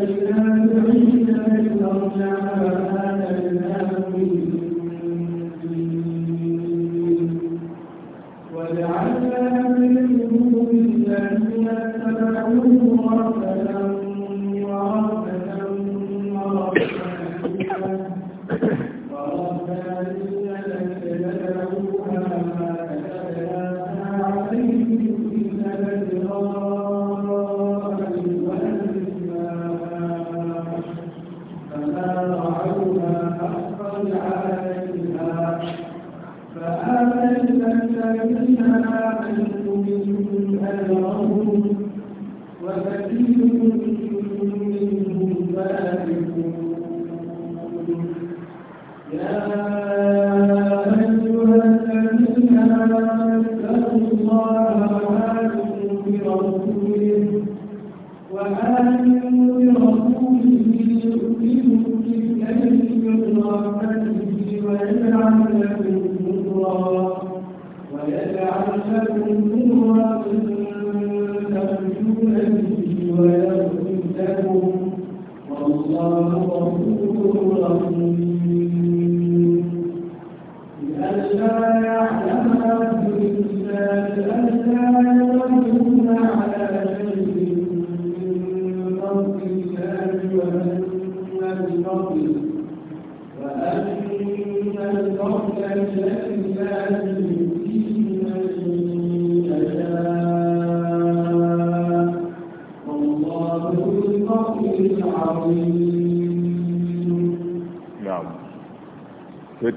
فإذا دعينا فارجع ما آمناه به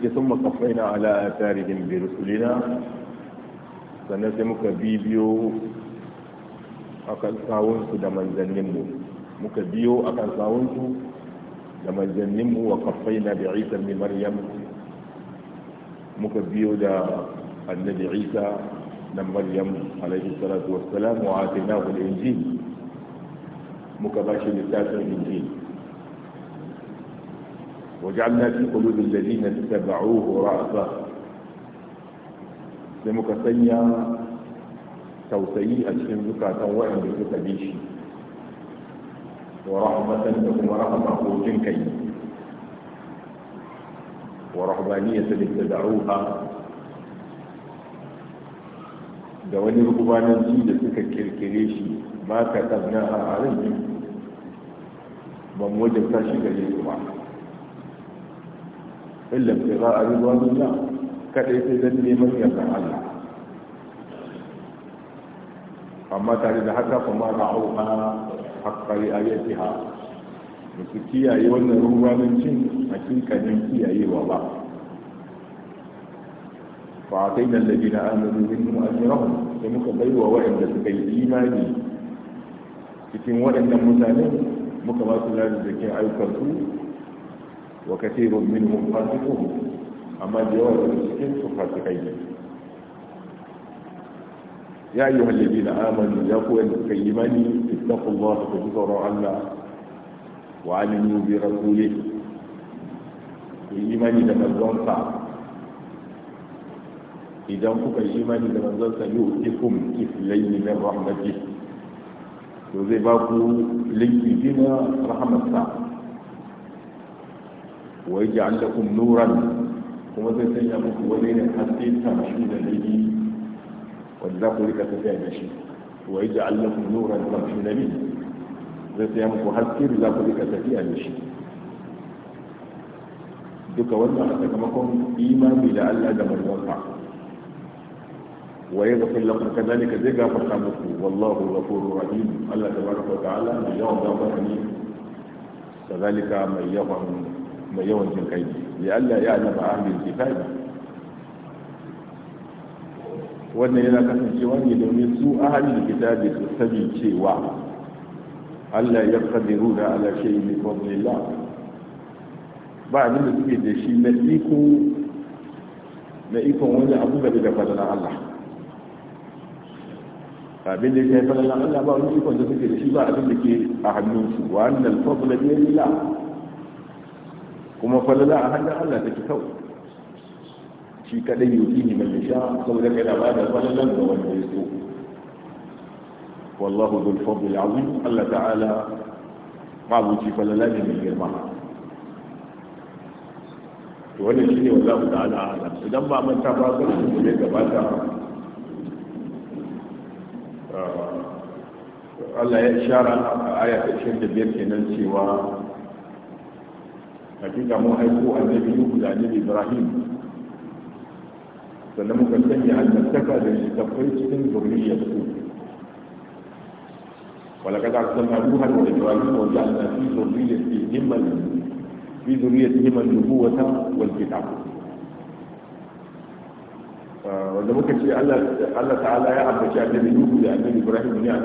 ce sun makafai na ala tarihin sannan sai muka a kan sawunsu da manzanninmu muka biyo a kan sawunsu da manzanninmu wa kafai na da mai maryam muka biyo da annabi isa na maryam alaihi salatu wassalam wa atina hul injil muka bashi shi littafin injil وجعلنا في قلوب الذين اتبعوه رأفة sai muka sanya tausayi a cikin zukatan waɗanda suka bi wa rahmatan da kuma rahama ko jin kai wa rahmaniyata da ta da'uha da wani rukubananci da suka kirkire shi ba ka tabna a harin ba mu wajabta shi gare ba illa ibtigha'a ridwanillah kaɗai sai dan neman yardan Allah amma tare da haka kuma ra'auha haqqari ayatiha ba su kiyaye wannan ruwanancin hakikanin kiyayewa ba fa ataina alladhina amanu minhum ajrahum sai muka baiwa waɗanda suka yi imani cikin waɗannan mutane muka ba su lalata da ke ayyukansu وكثير منهم فاسقون اما جواب المسلمين ففاسقين يا ايها الذين امنوا يقوى المسلمين اتقوا الله فجزروا عنا وعلموا برسوله imani da manzonsa idan kuka yi imani da manzonsa yi ukikun islai ne na rahmatin to zai ba ku linki ويجعل لكم نورا ومتنسيكم ولين حتى تمشون به والذاق لك تتعب شيء ويجعل لكم نورا تمشون به ومتنسيكم حتى الذاق لك تتعب شيء دوك وزع حتكمكم إيمان إلى أن أدم الوضع ويغفر لكم كذلك زيغا فرحمكم والله الغفور الرحيم الله تبارك وتعالى من يوم دابرني كذلك من يغفر منك mai yawan jin kai li'alla ya na ba ahlul kitabi wannan yana kasancewa ne domin su ahlul kitabi su sani cewa Allah ya kadiru da ala shayi min fadlillah ba abin da suke da shi na iko na ikon wani abu da daga fadalan Allah abin da ya kai fadalan Allah ba wani ikon da suke da shi ba abin da ke a hannunsu wa annal fadla bi Allah kuma falala a hannun Allah take kawai shi kadai yuki ne mai sha saboda kai da ba da falalan da wanda ya so wallahu dhul fadl azim Allah ta'ala ma ci falala ne mai girma to wannan shine wallahu ta'ala idan ba mun ta ba su ne ta Allah ya shara a aya 25 kenan cewa hakika mun haiku annabi yuhu da annabi ibrahim sannan muka sanya almantaka da shi tabbai cikin zuriyar ولقد أرسلنا نوحا وإبراهيم وجعلنا في ذريتهما في ذريتهما النبوة والكتاب. ولما كان شيء الله تعالى يعرف شيء عن النبي نوح وعن إبراهيم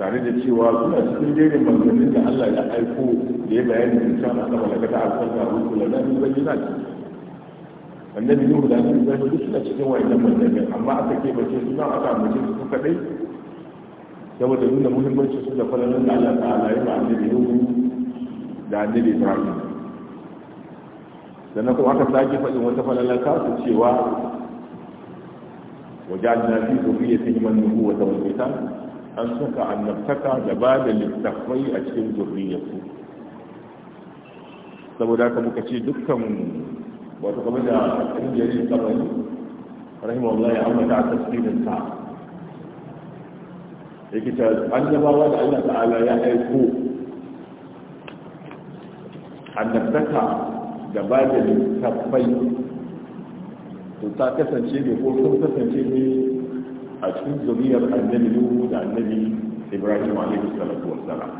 tare da cewa suna cikin jerin manzannin da Allah ya aiko da ya bayani da cewa na sama daga ta'ar sarka rukula na yi bai yana zaki annabi nuhu da annabi zai duk suna cikin wayannan manzannin amma aka ke bace suna aka mace su kadai saboda nuna muhimmancin su da falalan da Allah ta'ala ya ba annabi yau da annabi ibrahim sannan kuma aka sake faɗin wata ka kasu cewa wajen fi zuriyar ta man nuhu wata wani an saka annabtaka da ba da littafai a cikin zurriyarsu saboda ka muka ce dukkan wata kamar da ƙungiyar tsamani rahimahullah ya amma a tasirin ta an ta annabawa da Allah ta'ala ya aiko annabtaka da ba da littafai to ta kasance ne ko sun kasance ne a cikin zuriyar annabi nuhu da annabi ibrahim alaihi salatu wassalam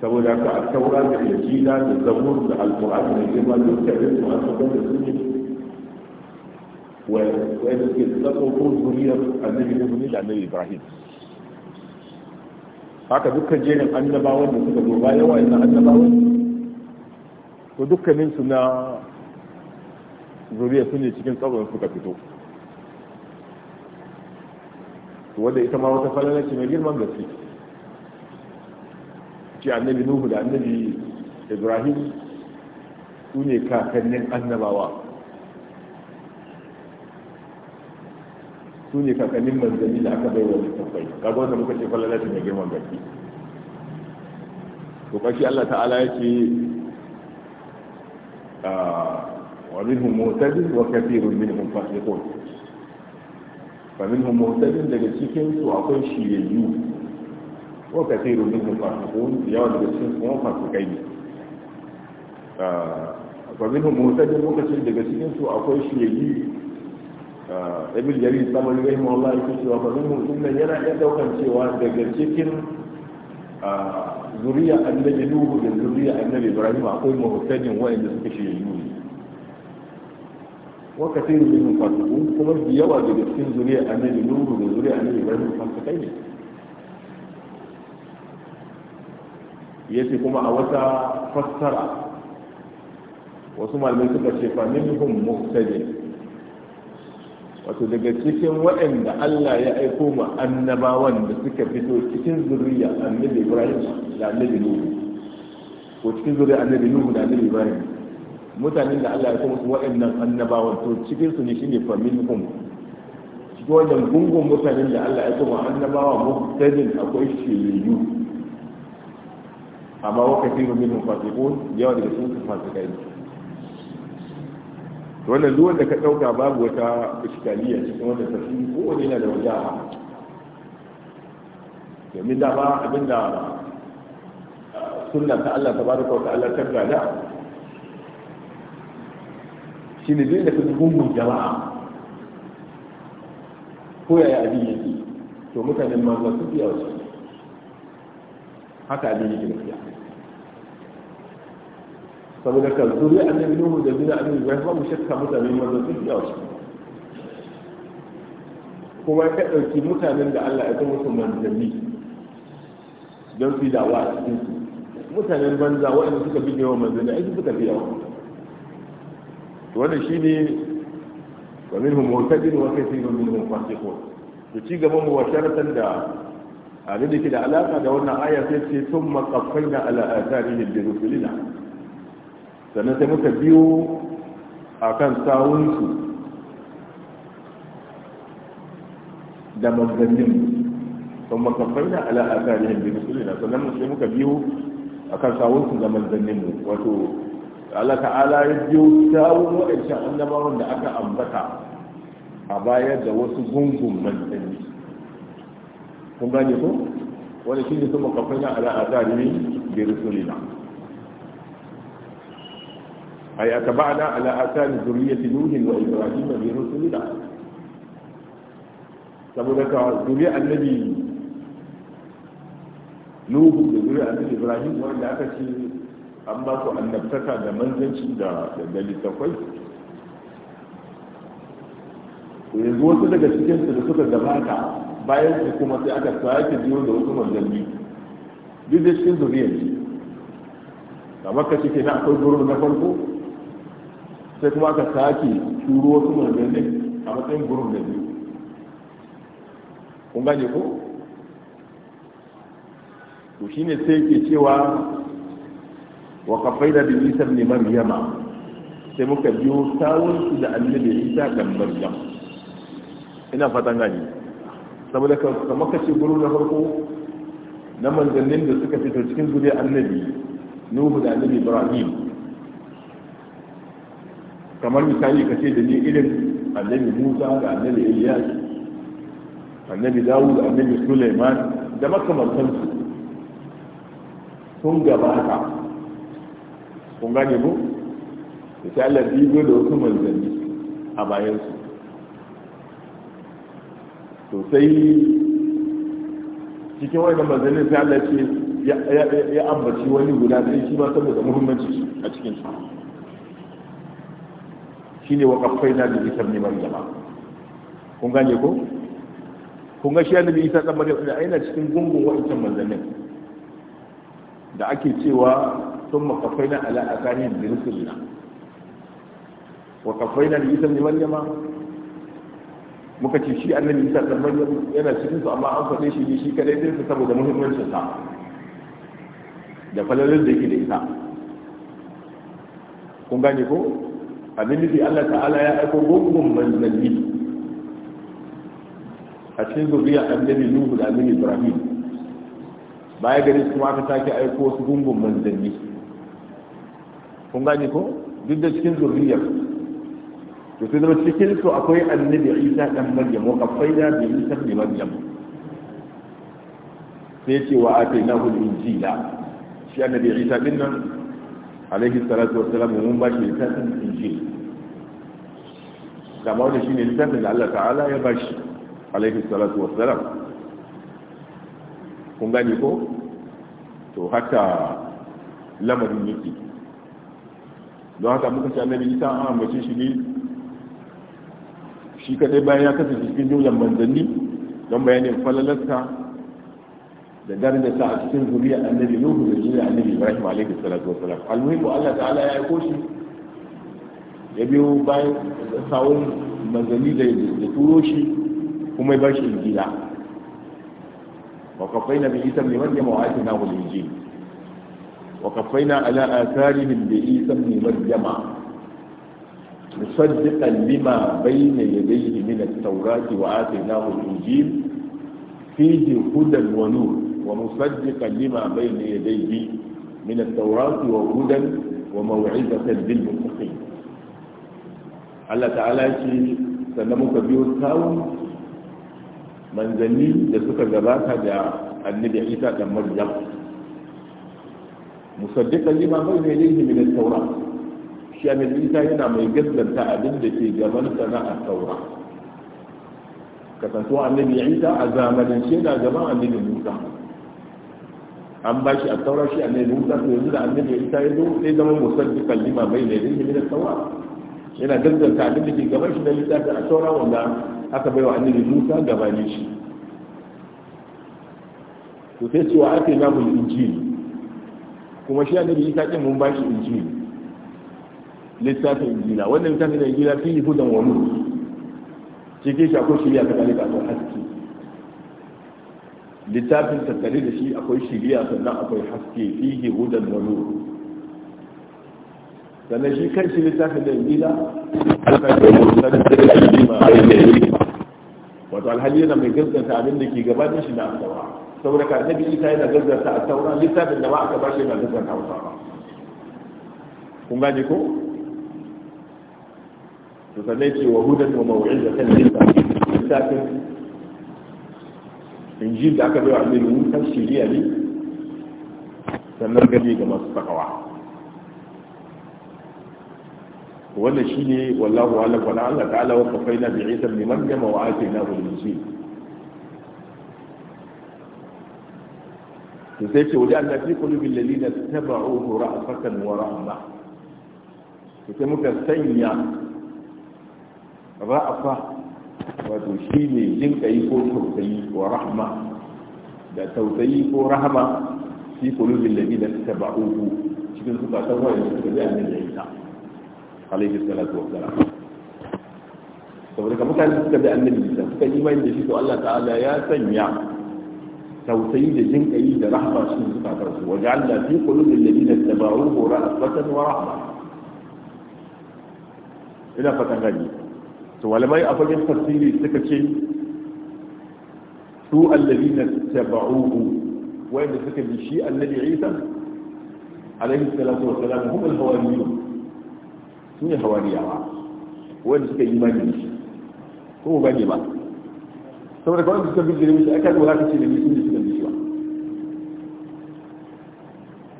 saboda ka a taura da injila da zabur da alqur'ani da girma da tarihi da masu kan da suke da suke tsakoko zuriyar annabi nuhu da annabi ibrahim haka duka jerin annabawan da suka zo bayan wa'annan annabawan to dukkaninsu na zuriya su ne cikin tsawon suka fito wadda ita ma wata falala ce mai girman gaske ce annabi nuhu da annabi ibrahim su ne kakannin annabawa su ne kakannin manzanni da aka bai wa littattafai kaga wanda muka ce falala ce mai girman gaske to kashi Allah ta'ala ya ce ah, ومنهم مهتد وكثير منهم فاسقون فمنهم مهتد لجسيكين وأقل شيئين وكثير منهم فاسقون يوم جسيكين فهم فاسقين فمنهم مهتد وكثير لجسيكين وأقل شيئين ابن جرير سلام الله والله كسوا فمنهم ثم يرى يدو كان سوى لجسيكين آه، ذرية النبي نوه ذرية النبي إبراهيم أقول مهتد وإن جسيكين وكثير من المفاتحون فمش بيوى بجسين زرية أمان النور وزرية أمان إبراهيم الفاتحين يأتي كما أوتا فسرا وثم المنطقة شفا منهم مختلف وتدقى تشكين وإن ألا يأيكم النباوان بسكة فيتو تشكين زرية أمان إبراهيم لأمان النور وتشكين زرية أمان النور لأمان إبراهيم mutanen da Allah ya kuma su waɗannan annabawan to cikin su ne shine fa minhum cikin wannan gungun mutanen da Allah ya kuma annabawa muktadin akwai shiriyu amma wa kafiru min fasiqun yawa daga cikin su fasikai to wannan duk wanda ka dauka babu wata iskaliya cikin wannan tafsiri ko wani yana da wajaha domin da ba abinda sunna ta Allah tabaraka wa ta'ala ta gada shi ne duk da ka gungun jama'a ko yaya abin yake to mutanen ma za su biya wasu haka abin yake fiya saboda ka zuri annabi nuhu da zuri annabi zuri ba mu shakka mutanen ma za su biya wasu kuma ka ɗauki mutanen da Allah ya zama su manzanni don su yi dawa a cikin su mutanen banza waɗanda suka bi yawan manzanni ai suka fi yawa wani shi ne wa minhum mutadin wa kathirun minhum fasiqun to ci gaban mu washaratan da abin da ke da alaka da wannan aya sai ce sun makafai na al'asarihin da rusulina sannan sai muka biyo a kan sawunsu da manzannin sun makafai na al'asarihin da rusulina sannan sai muka biyo a kan sawunsu da manzanninmu wato Allah ta'ala ya biyo tawon waɗancan annabawan da aka ambata a bayar da wasu gungun manzanni kun gane ku? wani shi ne su makafanya ala azalimi bi rusulina ay atba'na ala athari zurriyyati nuhin wa ibrahim bi rusulina saboda ka zuriya annabi nuhu da zuriya annabi ibrahim wanda aka ce an ba ku annabtaka da manzanci da da littafai to yanzu wasu daga cikin su da suka gabata bayan su kuma sai aka sake biyo da wasu manzanni duk da cikin zuriyar ji kamar ka cike na akwai gurin na farko sai kuma aka sake turo wasu manzanni a matsayin gurin da biyu kun gane ko to shine sai ke cewa wa kafaida da isa ibn maryama sai muka biyo sawun su da annabi isa dan maryam ina fatan gani saboda ka kamar ka ce gurin na farko na manzannin da suka fito cikin zuriyar annabi nuhu da annabi ibrahim kamar misali ka ce da ni irin annabi musa da annabi iliyas annabi dawud annabi suleiman da makamantansu sun gabata kun gane mu sai Allah biyo da wasu manzanni a bayansu to sai cikin wani manzannin sai Allah ce ya ambaci wani guda sai shi ba saboda muhimmanci a cikin su shi ne wakafai na da isar neman jama kun gane ko kun ga shi annabi isa tsammanin da aina cikin gungun wa'ancan manzannin da ake cewa ثم قفينا على أثارهم برسلنا وقفينا لعيسى بن مريم muka ce shi annabi isa da maryam yana cikin su amma an faɗe shi ne shi kadai sai su saboda muhimmancin sa da falalin da yake da ita kun gane ko abin nufi Allah ta'ala ya aiko gungun manzanni a cikin zuriya annabi nuhu da annabi ibrahim baya gari kuma aka sake aiko su gungun manzanni kun gane ko duk da cikin zurriyar to sai zama cikin su akwai annabi isa dan maryam wa da bi isa bi maryam sai ce wa atainahu injila shi annabi isa din nan alaihi salatu wassalam mun ba shi littafin injil kamar da shine littafin da Allah ta'ala ya ba shi alaihi salatu wassalam kun gane ko to haka lamarin yake don haka muka ce annabi isa an ambace shi ne shi kadai bayan ya kasance cikin jumlar manzanni don bayanin falalarsa da sa a cikin zuriya annabi nuhu da zuriya annabi ibrahim alaihi salatu wassalam almuhimu allah ta'ala ya aiko shi ya biyo bayan sawun manzanni da ya turo shi kuma ya bar shi injila wa kafai bi isa ne wanda ma'aikata na injila وقفينا على آثارهم بعيسى ابن مريم مصدقا لما بين يديه من التوراة وآتيناه الإنجيل فيه هدى ونور ومصدقا لما بين يديه من التوراة وهدى وموعظة للمتقين الله تعالى يقول سلمك بيو التاون manzanni da جباتها gabata da annabi isa مصدقا لما بين يديه من التوراه شان الانسان هنا من جزل التعبد التي جبلت لنا التوراه كتسوى النبي عيسى عزاما شينا جماعة النبي موسى أم باشي التوراة شيء أن موسى يقول أن النبي عيسى يدوم إذا ما مصدقا لما بين يديه من التوراة هنا جزء التعليم اللي جمعش من الكتاب التوراة ولا هكا بيو أن النبي موسى جمعنيش وتسوى أكي نام الإنجيل kuma shi annabi isa din mun bashi injili littafin injila wannan littafin da injila fi yi hudan wa cikin shi akwai shiriya ta dalika akwai haske littafin tattare da shi akwai shiriya sannan akwai haske fi yi hudan wa nur sannan shi kan shi littafin da injila alƙarfi da da wato alhali yana mai gaskanta abin da ke gabatar shi na asawa saboda ka annabi isa yana gazzarta a taura littafin da ba aka bashi yana gazzarta wa taura kun gane ko to sannan ce wa hudan wa mawu'in da littafin injil da aka bai wa annabi musa shiriya ne sannan gani ga masu takawa wannan shine wallahu a'lam wa Allah ta'ala wa kafaina bi Isa ibn Maryam wa ataynahu bil injil سيتي وجعلنا في قلوب الذين اتبعوه رأفة ورحمة يتمك سيا رأفة وتشيني جنك يكو توتي ورحمة دا توتي ورحمة في قلوب الذين اتبعوه شكرا سبا سوا يسكت بأن العيسى عليه الصلاة والسلام سوف نكا مكان يسكت بأن العيسى فكا إيمان جشيت الله تعالى يا سيّا توسيد الجن أيد رحمة شن كفرس وجعلنا في قلوب الذين اتبعوه رأفة ورحمة إلى فتن غني سوى لما يأفل من تفسير السكتشين سوء الذين اتبعوه وين السكت الشيء الذي عيسى عليه الصلاة والسلام هم الهواريون سمي هواري يا وين السكت إيمان الشيء هو بني ما سوى لكم أن تسكت أكاد ولكن شيء لم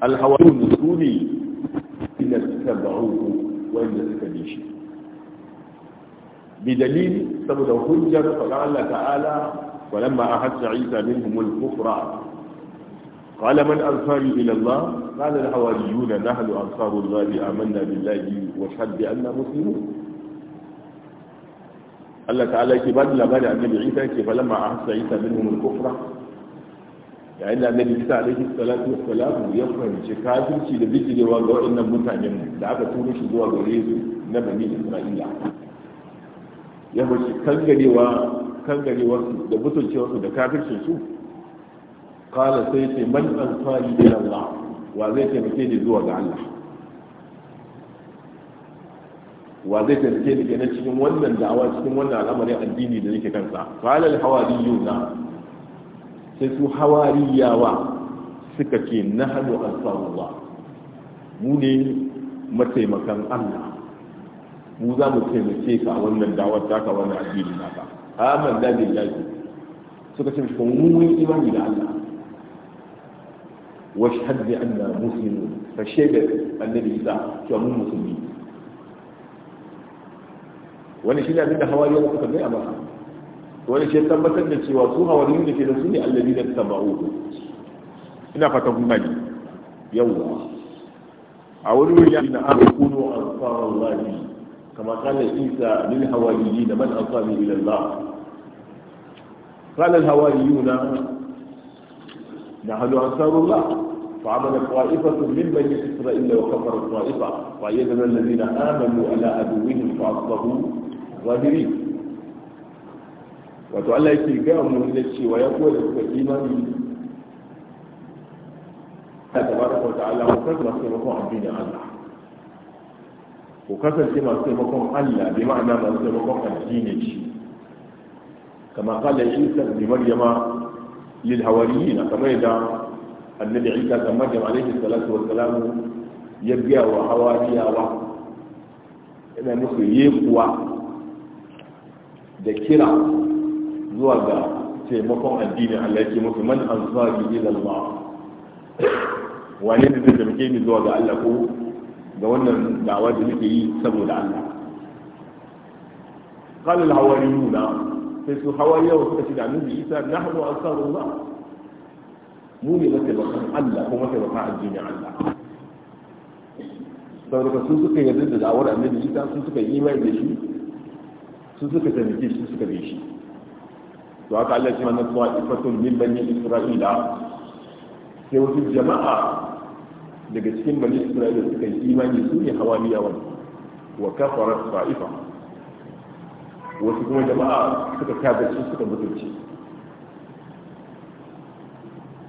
الحوالون الثوني إن تتبعوه وإن تتبعيش بدليل سبب الحجر فقال تعالى ولما أحس عيسى منهم الكفر قال من أنصاري إلى الله قال الحواليون نحن أنصار الله آمنا بالله وشهد بأننا مسلمون الله تعالى كبد لغير أن العيسى فلما أحس عيسى منهم الكفر yayin da annabi isa alaihi salatu wassalam ya fahimci kafirci da bijirewa ga waɗannan mutanen da aka tura shi zuwa gare su na bani isra'ila ya fahimci kangarewa kangarewa su da mutuncewa su da kafircin su kala sai ce man ansari ila Allah wa zai taimake ni zuwa ga Allah wa zai taimake ni kenan cikin wannan da'awa cikin wannan al'amarin addini da nake kansa kala al-hawariyuna sai su hawariyawa suka ce na hannu ansarullah mu ne mataimakan allah mu za mu taimake ka a wannan dawar taka wannan addini naka amin da billahi suka ce kuma mu yi imani da allah واشهد بأننا مسلمون فالشهد النبي إذا كانوا مسلمين wani shi ne abinda hawa yau suka gaya masa wani ke tabbatar da cewa su hawarin da ke da su ne allazi da tabau ina fata kun gani yawwa a wani wuri yana an kuno ansarar lahi kama kala isa lil hawariyi da man ansari ila Allah قال الهواريون نحن أنصار الله فعمل طائفة من بني إسرائيل وكفر الطائفة وأيدنا الذين آمنوا على عدوهم فأصبحوا ظاهرين wato Allah yake ga mu da cewa ya koyar da kuka imani ta tabaraka wa ta'ala ko kasance masu taimakon da Allah ko kasance masu taimakon Allah bi ma'ana masu taimakon addinin shi kama kala Isa bi Maryama lil na kamar yadda annabi Isa da Maryam alaihi salatu wa salam ya gaya wa hawariyawa yana musu yekuwa da kira zuwa ga taimakon addini Allah yake musu man ansari ila Allah wane ne zai taimake ni zuwa ga Allah ko ga wannan da'awa da nake yi saboda Allah qala al-hawariyun sai su hawariya wa suka ce da annabi Isa nahnu ansarullah mu ne mataimakan Allah ko mataimakan addini Allah saboda su suka yarda da da'awar annabi Isa su suka yi imani da shi suka shi suka shi to haka Allah shi mana tsawa ifatun min bani isra'ila sai wasu jama'a daga cikin bani isra'ila suka yi imani su ne hawaniyawan wa kafara sa'ifa wasu kuma jama'a suka kafirci suka mutunci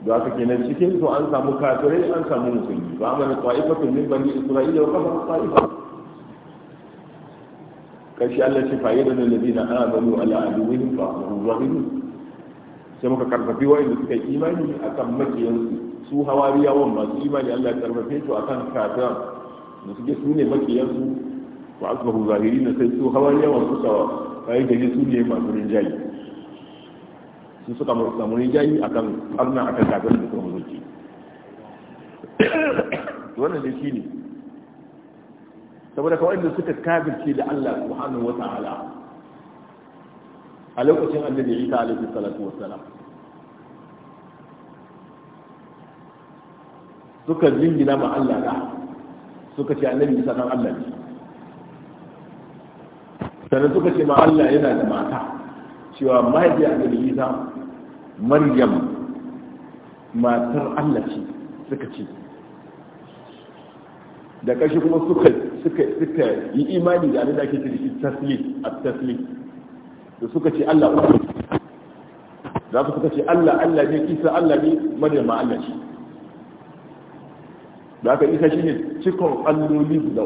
da aka kenan cikin su an samu kafirai an samu musulmi ba mana tsa'ifatun min bani isra'ila wa kafara ta'ifa. kashi Allah ce fayyadar da na ana balo ala aduwin fa zahiru sai muka karfafi wa'anda suka yi imani kan makiyansu su hawariyawan masu imani Allah ya karfafe su akan kafiran da suke su ne makiyansu Ba a wa asbahu zahirin sai su hawariyawan suka bayan gari su ne masu rinjayi su suka samu rinjayi akan a akan kafiran da suka musulci wannan da shi ne saboda kawai da suka kafirce da Allah subhanahu wa ta'ala a lokacin annabi Isa alaihi salatu wassalam suka jingina ma Allah da suka ce annabi Isa dan Allah ne sannan suka ce ma Allah yana da mata cewa mahaifiyar annabi Isa Maryam matar Allah ce suka ce da kashi kuma suka suka suka yi imani da abin da ake kiri taslim at-taslim da suka ce Allah uku za su suka ce Allah Allah ne Isa Allah ne Maryam Allah ce da ka Isa shine cikon alloli guda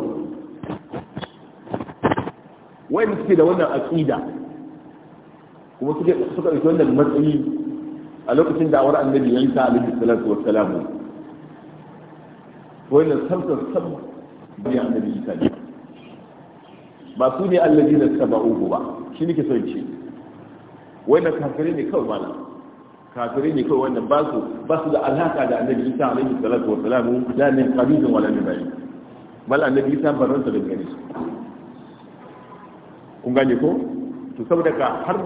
Wai wanda suke da wannan aqida kuma suke suka ɗauki wannan matsayi a lokacin da awar annabi yanka alaihi salatu wassalam wannan samsan samsan annabi isa ne ba su ne allazi da suka uku ba shi nake son ce wannan kafirai ne kawai mana kafirai ne kawai wannan ba su ba su da alaka da annabi isa alaihi salatu wa salamu da ne qabilin wala ne bai bal annabi isa barranta da gare su kun gane ko to saboda ka har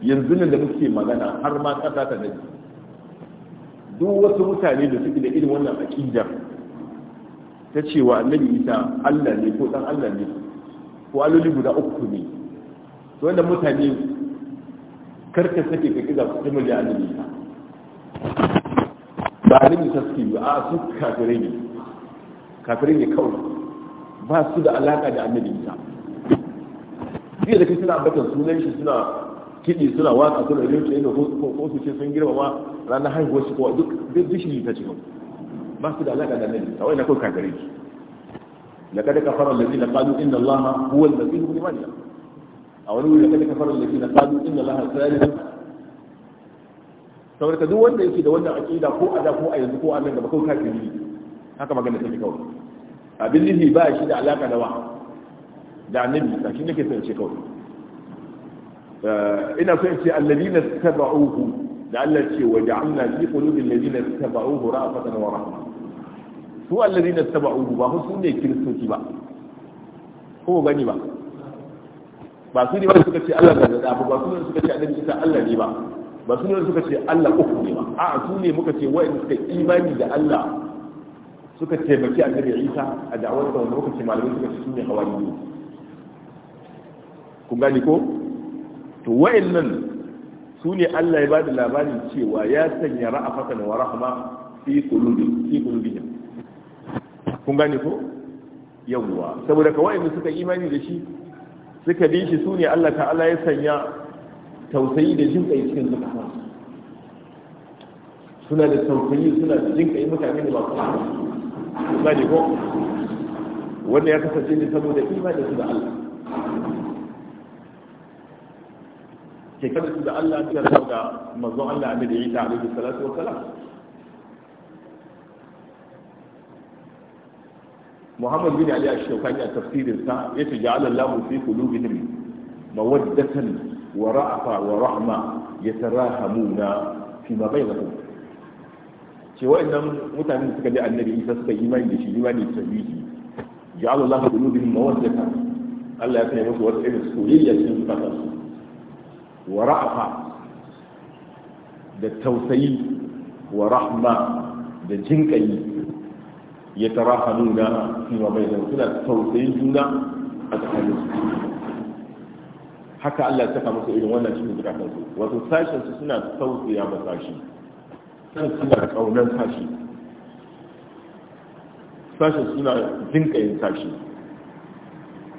yanzu nan da muke magana har ma kasa ta nabi duk wasu mutane da suke da irin wannan aqidar ta ce wa annabi isa allah ne ko dan allah ne ko alloli guda uku ne to wanda mutane karka sake ka kiza su jimar da annabi isa ba annabi isa suke ba a su kafire ne kafire ne kawai ba su da alaka da annabi isa jiya da kai suna ambatan sunan shi suna kiɗi suna waka suna rinci ko su ce sun girmama ranar haihuwar shi kowa duk duk shi ta cikin ba su da alaƙa da annabi kawai na kawai kagare shi لقد كفر الذين قالوا إن الله هو المسيح ابن مريم أو نقول لقد كفر الذين قالوا إن الله ثالث saboda ka duk wanda yake da wannan aqida ko a da ko a yanzu ko a nan gaba ko kafiri haka magana take kawai abin lihi ba shi da alaka da wa da annabi ka shi nake son ce kawai ina son ce alladina tabauhu da Allah ce wa ja'alna fi qulubi alladina tabauhu ra'fatan wa rahmah su allazi na taba ugu ba su ne kiristoci ba ko gani ba ba su ne wanda suka ce Allah da da ba su ne suka ce annabi isa Allah ne ba ba su ne suka ce Allah uku ne ba a su ne muka ce wa'in suka imani da Allah suka taimaki annabi isa a da'awar da wanda muka ce malamin suka ce su ne hawari kun gani ko to wa'in nan su ne Allah ya ba da labarin cewa ya sanya ra'afatan wa rahma fi qulubi fi qulubihim kun gane ko yawwa saboda ka wa'in suka imani da shi suka bi shi sune Allah ta'ala ya sanya tausayi da jin kai cikin zukatan suna da tausayi suna da jin kai mutane da ba su gane ko wanda ya kasance ne saboda imani su da Allah ke kada su da Allah ta da manzon Allah yi Isa alaihi salatu wa salam muhammad bin ali ash-shawkani a tafsirin sa yace ja'ala Allahu fi qulubihim mawaddatan wa ra'fa wa rahma yatarahamuna fi ma bainahum ce wa'annan mutanen suka bi annabi isa suka yi imani da shi imani da sahihi ja'ala Allahu qulubihim mawaddatan Allah ya kai musu wata irin soyayya cikin su, wa ra'fa da tausayi wa rahma da jinkayi ya tara hannu da cewa bai da suna tausayin juna a tsakanin su haka Allah ya saka musu irin wannan cikin zukatan su wato sashen su suna tausaya ba sashi Sashen suna kaunar sashi sashen suna jinkayin sashi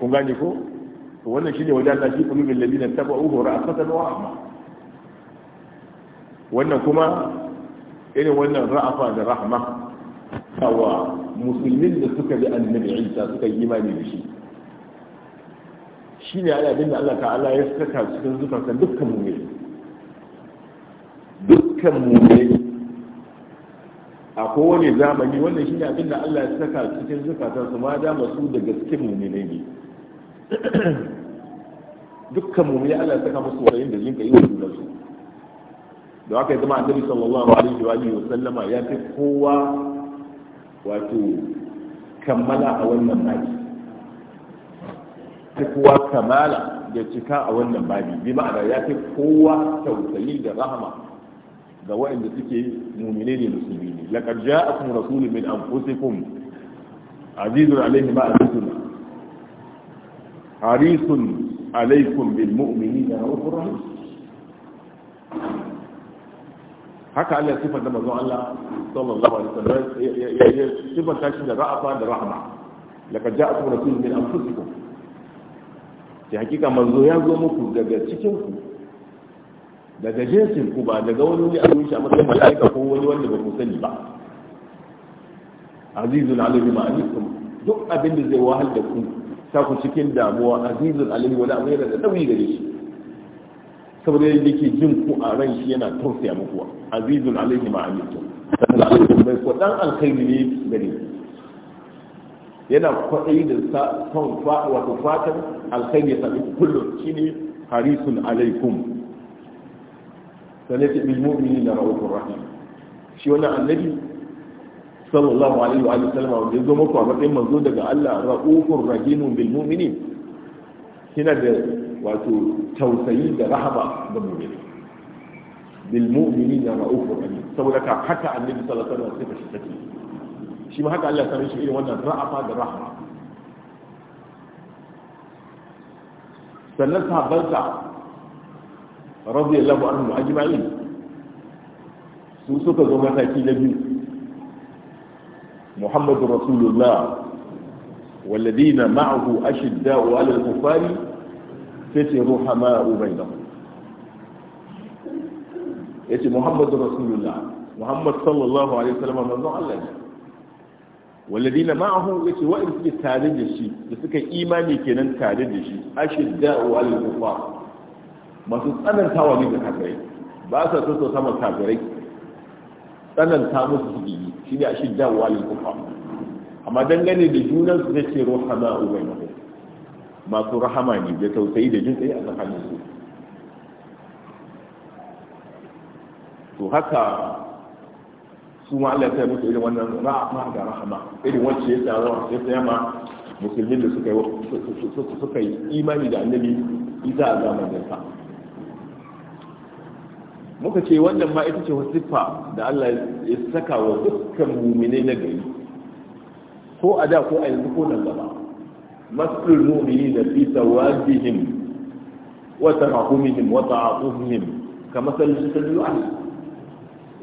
kun gane ko to wannan shine wajen na shi kulubin ladina tabauhu ra'asatan wa amma wannan kuma irin wannan ra'afa da rahma sawa musulmin da suka bi annabi isa suka yi imani da shi shine ala bin da Allah ta'ala ya saka cikin zukatan dukkan mu'mini dukkan mu'mini a kowane zamani wannan shine abin da Allah ya saka cikin zukatan su ma da masu da gaske mu'mini ne dukkan mu'mini Allah ya saka musu wayin da jinka yi wa junan su da haka ya zama annabi sallallahu alaihi wa sallama ya fi kowa wato kammala a wannan babi ta kowa kamala da cika a wannan babi bi ma'ana ya fi kowa tausayi da rahama ga waɗanda suke mumine ne musulmi ne laqad ja'akum rasulun min anfusikum azizun alayhi ma azizun harisun alaykum bil mu'minina ra'ufur rahim haka Allah ya sifanta manzon Allah sallallahu alaihi wasallam ya ya sifanta shi da ra'afa da rahma laqad ja'akum rasul min anfusikum ta hakika manzo ya zo muku daga cikin ku daga jinsin ku ba daga wani ne a wuce amma matsayin mala'ika ko wani wanda ba ku sani ba azizul alaihi ma alikum duk abin da zai wahal da ku sa ku cikin damuwa azizul alaihi wala amira da nauyi gare shi saboda yadda yake jin ku a ran shi yana tausaya muku azizun alaihi ma amintu sannan alaihi mai kwadan alkhairi ne gare yana kwaɗayi da son wato fatan alkhairi ya sami kullum shine harisun alaikum sannan ta bil mu'mini na rahotun rahim shi wannan annabi sallallahu alaihi wa sallam wanda ya zo muku a matsayin manzo daga Allah ra'ufur rahimun bil mu'minin yana da wato tausayi da rahama ga mu'mini bil mu'minina ra'ufur rahim saboda ka haka annabi sallallahu alaihi wasallam sai take shi ma haka Allah ya sanar shi irin wannan ra'afa da rahama sannan sahabbansa radiyallahu anhu ajma'in su suka zo mataki na biyu muhammadu rasulullah والذين معه أشداء على الكفار sai ce ruha ma ubai da ya ce muhammadu rasulullah muhammad sallallahu alaihi wasallam manzon allah ne walladina ma'ahu ya ce wa'in suke tare da shi da suka imani kenan tare da shi ashidda wa al-kufa masu tsanantawa ne da kafirai ba sa so sama kafirai tsananta musu su yi shi ne ashidda wa al-kufa amma dangane da junan su zai ce ruha ma ubai da masu rahama ne da tausayi da jin tsaye a tsakanin su to haka su ma Allah ya musu irin wannan rahama da rahama irin wacce ya tsaro ya tsaya musulmin da suka yi suka yi imani da annabi isa a zamanin sa muka ce wannan ma ita ce wasiffa da Allah ya saka wa dukkan mumine na gari ko a da ko a yanzu ko nan gaba مثل المؤمنين في توادهم وتراحمهم وتعاطفهم كمثل الجسد الواحد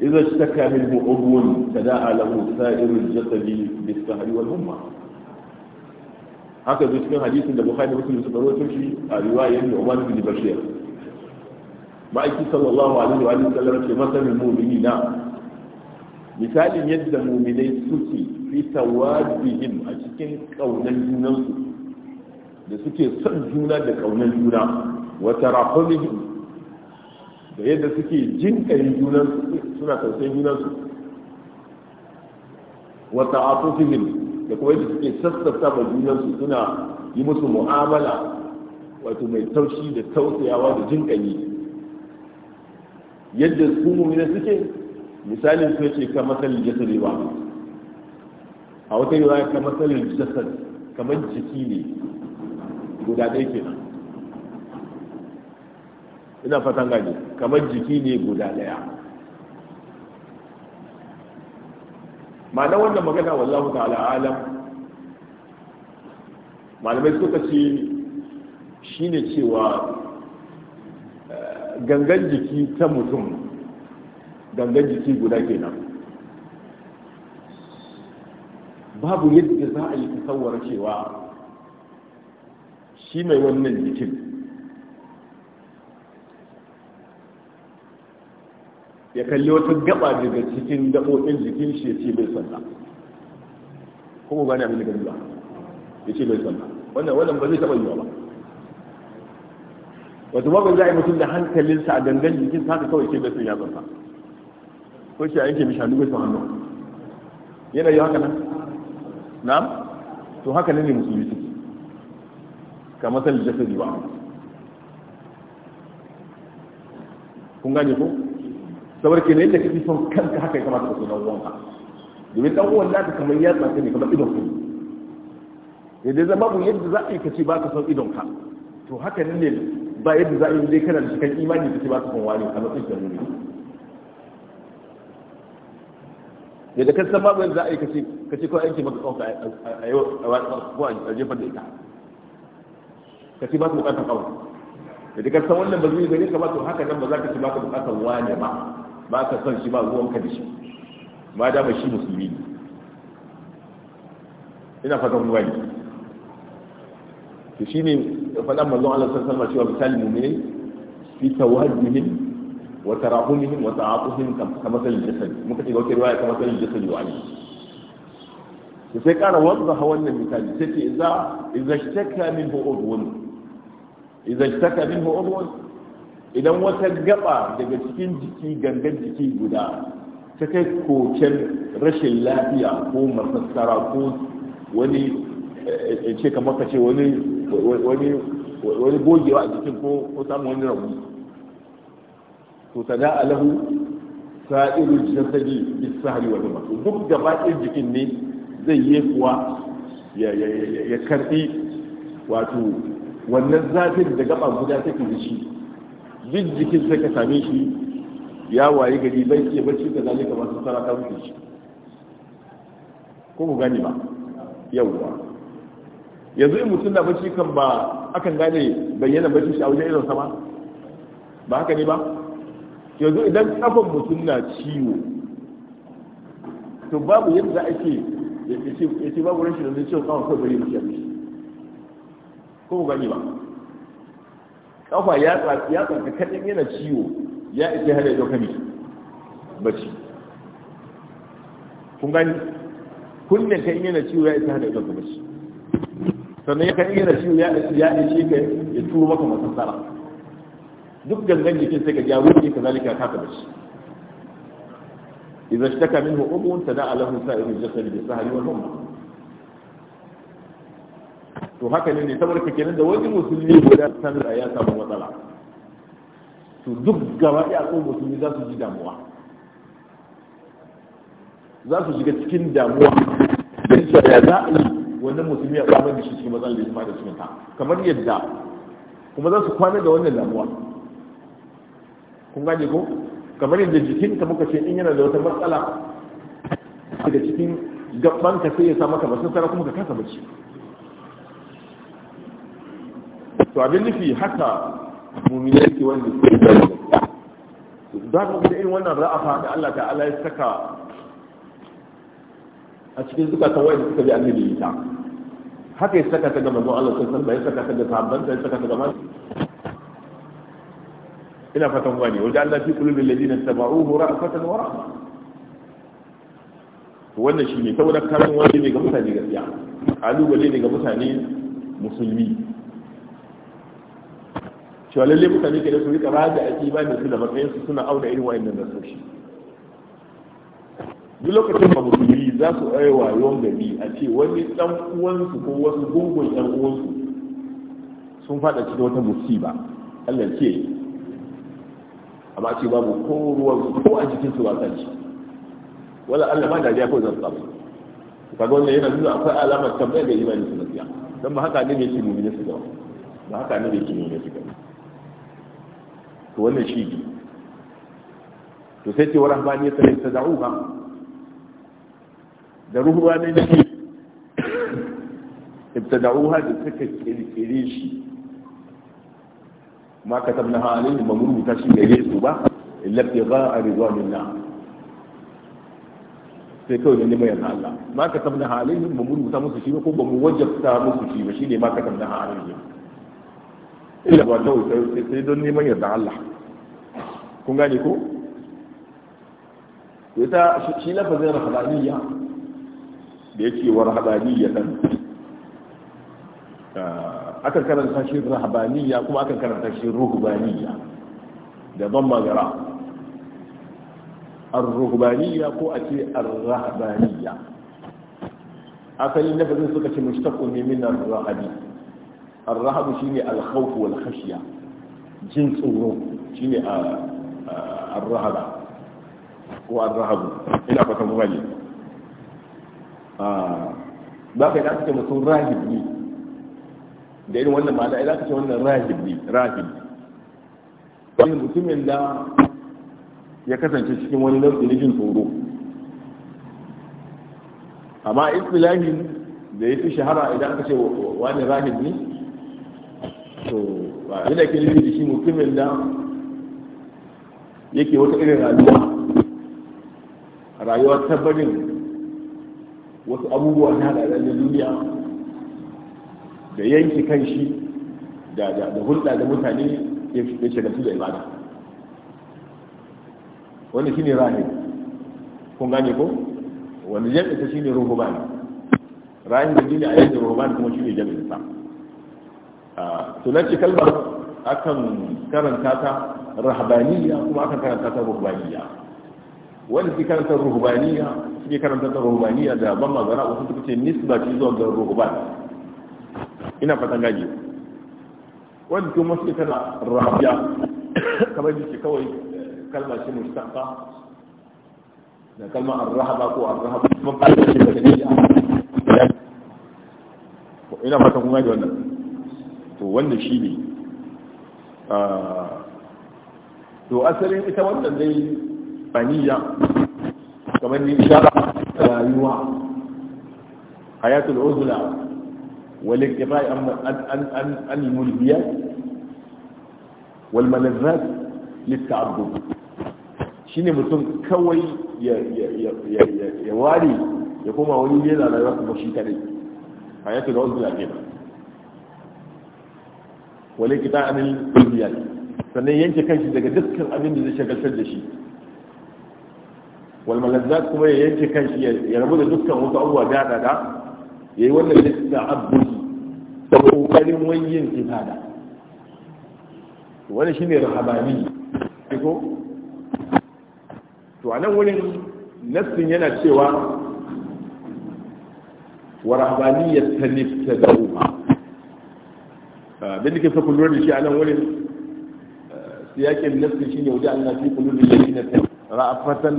إذا اشتكى منه عضو تداعى له سائر الجسد بالسهر والهمة هكذا في حديث البخاري ومسلم سبحانه تمشي رواية عمر بن بشير ma'aiki sallallahu alaihi wa sallam ce masalin mumini na misalin yadda muminai suke fi tawadihim a cikin kaunan junansu da suke son juna da kaunar juna wa tarahumihim da yadda suke jin kai juna suna tausayin juna su wa ta'atufihim da kuma yadda suke sassafta ba juna su suna yi musu mu'amala wato mai taushi da tausayawa da jin kai yadda su mu'mina suke misalin su ce ka masalin jasadi ba a wata riwaya ka masalin jasad kamar jiki ne guda ɗaya kenan ina fatan gaji kamar jiki ne guda ɗaya ma'ana wannan magana wallahu ta'ala alam malamai suka ce shine cewa eh, gangan jiki ta mutum gangan jiki guda kenan babu yadda za a yi tasawwara cewa shi mai wannan jikin ya kalli wata gaba daga cikin gaɓoɓin jikin shi ya ce bai sanda kuma ba na abin da ba ya ce bai sanda wannan wannan ba zai taɓa yiwa ba wata babu za a yi mutum da hankalinsa a gangan jikin ka kawai ce bai sun ya ko shi a yanke mishi hannu bai sun hannu yana yi haka nan na to haka ne musulmi suke ka masal jasadi ba kun gane ko sabar ke yadda kake son kanka haka ya kamata ka so dan uwanka domin dan uwan kama kamar ya tsaka ne kamar idon ku yadda zama babu yadda za a yi kace ba ka son idon ka to haka ne ba yadda za a yi dai kana da cikin imani kace ba ka son wani a matsayin da ne yadda kan san babu yadda za a yi kace kace ko aiki maka tsawon a yau a jefar da ita ka ce ba su bukatar kawai da dukkan san wannan ba zai gani ka ba to haka nan ba za ka ci ba ka bukatar wani ba ba ka san shi ba ruwan ka da shi da ba shi musulmi ne ina fatan ruwa ne to shine ne faɗan manzon Allah sallallahu alaihi wasallam cewa misalin mu'mini fi tawaddihim wa tarahumihim wa ta'atuhum kama salin jasadi muka ce ga wata riwaya kama salin jasadi wa alayhi sai kara wanzu nan misali sai ce za idza shakka minhu udwun إذا اشتكى منه أمر إذا وتقطع لجسكين جكي جنجل جكي جدا سكيت كوشن رش الله في عقوم مرتسكرا كوز ولي شيك مكشي ولي ولي ولي بوجي وقت جكين كو وطام ولي ربي فتداء له سائر الجسد بالسهر والنمر ودوك جبات الجكين زي يفوا يكرئي واتو wannan zafin da gaba guda take da shi duk jikin sai ka same shi ya waye gari bai ke bacci da zalika ba su tsara wuce shi ko ku gani ba yawwa yanzu in mutum na bacci kan ba akan gane bayyana bacci shi a wajen irin sama ba haka ne ba yanzu idan kafan mutum na ciwo to babu yadda ake ya ce babu rashin da zai ciwo kawai kawai bari mutum ya ko gani ba kafa ya tsaka ya tsaki kadin yana ciwo ya ita hada ya kami mi bacci kun gani kunnen ka yana ciwo ya ita hada ya dauka bacci sannan ya kan yana ciwo ya ya ishe ka ya turo maka masassara duk gangan jikin sai ka ja ruɗe ka zalika ka ka bacci idan shi taka min hukumun ta da'a lahu sa'irin jasari da wa humma to haka ne ne saboda kenan da wani musulmi guda sanar ya samu matsala to duk gaba ɗaya ko musulmi za su ji damuwa za su shiga cikin damuwa da cewa ya za a yi wannan musulmi ya kwana da shi cikin matsalar da ya fara cikin ta kamar yadda kuma za su kwana da wannan damuwa kun gane ko kamar yadda jikinka muka ce in yana da wata matsala daga cikin gaban ka sai ya sa maka basasara kuma ka kasa bacci to abin nufi haka mummina ke wanda su da za ka da irin wannan ra'afa da Allah Ta, Allah ya saka a cikin zukatan wanda suka bi yi ta haka ya saka ta ga manzon Allah sallallahu alaihi wasallam ya saka ta ga ta ya saka ta ga ina fatan gani wajen Allah fi kulubi ladina tabauhu ra'fatan wa rahma wannan shi ne saboda karin wani ne ga mutane gaskiya kalubale ne ga mutane musulmi cewa lalle mutane ke da su rika raja a imanin su da matsayin su suna auna irin wa'annan nasoshi duk lokacin ba musulmi za su wa yawan gari a ce wani ɗan uwansu ko wasu gungun ɗan uwansu sun faɗa cikin wata musiba Allah ce. amma ce babu ko ruwan ko a jikin su ba ta ci wala Allah ma da ya ko zan samu ga wannan yana nuna akwai alamar tambaya ga imanin su na siya dan ba haka ne yake mu'mini su gaba ba haka ne yake mu'mini su gaba to wannan shi ne to sai ce wa bani ta rinta da'uha da ba ne ne ibtada'uha da suka kirkire shi ma tabna halin ba mu rubuta shi gare su ba illa bi gha'a ridwanillah sai kawai ne neman yarda Allah ma tabna halin ba mu rubuta musu shi ba ko ba mu wajabta musu shi ba ne ma katabna halin ila ba kawai sai don neman yardan Allah kun gane ko ita shi lafazin rahadaniya da yake wa rahadaniya dan ah, akan karanta shi rahabaniya kuma akan karanta shi ruhubaniya da ban magara ar ruhubaniya ko a ce ar-rahabaniya asali lafazin suka ce mushtaqun min ar-rahabi الرهب شيني الخوف والخشية جنس الروم شيني الرهب هو الرهب إلا فتنغني باقي لا تكون مسؤول راهب لي da irin wannan ma'ana idan aka ce wannan rahib ne mutumin da ya kasance cikin wani nau'i na jin tsoro amma da ya fi shahara idan aka ce wani rahib ne to abin da ke nufi da shi mutumin da yake wata irin rayuwa rayuwa ta wasu abubuwa na da duniya da yanki kan shi da hulɗa da mutane ya shagaltu da ibada wanda shine rahib kun gane ko wanda jami'a ta shine ruhubani rahib da jini a yanzu ruhubani kuma shi shine jami'a sunanci kalmar akan karanta ta rahabaniya kuma akan karanta ta ruhbaniya wanda suke karanta ruhbaniya ke karanta ta ruhbaniya da ban magana wasu suka ce nisba ci zuwa ga ruhban ina fatan gaji wanda kuma suke kana rahabiya kamar da ce kawai kalma ce mustafa da kalma arrahaba ko arrahaba kuma ba ta ce da ina fatan kuma da wannan to wannan shi ne ah, to asalin ita wannan dai baniya kamar ni shara rayuwa hayatul uzla wal iktifai an an an an mulhiyat wal malazzat litta'abbud shine mutum kawai ya ya ya ya ya ware ya koma wani yana rayuwa kuma shi kadai hayatul uzla kenan wale kita anil kulliya sannan yanke kanshi daga dukkan abin da zai shagaltar da shi wal malazzat kuma ya yanke kanshi ya rabu da dukkan wasu abubuwa da da da yayi wannan lissa abdi da kokarin wayin ibada wani shine rahabani ko to anan wurin nassin yana cewa wa rahabaniyat tanifta da'uha da nake so ku lura da shi a nan wurin siyakin nafsi shine wajen Allah fi qulubi alladhina ra'afatan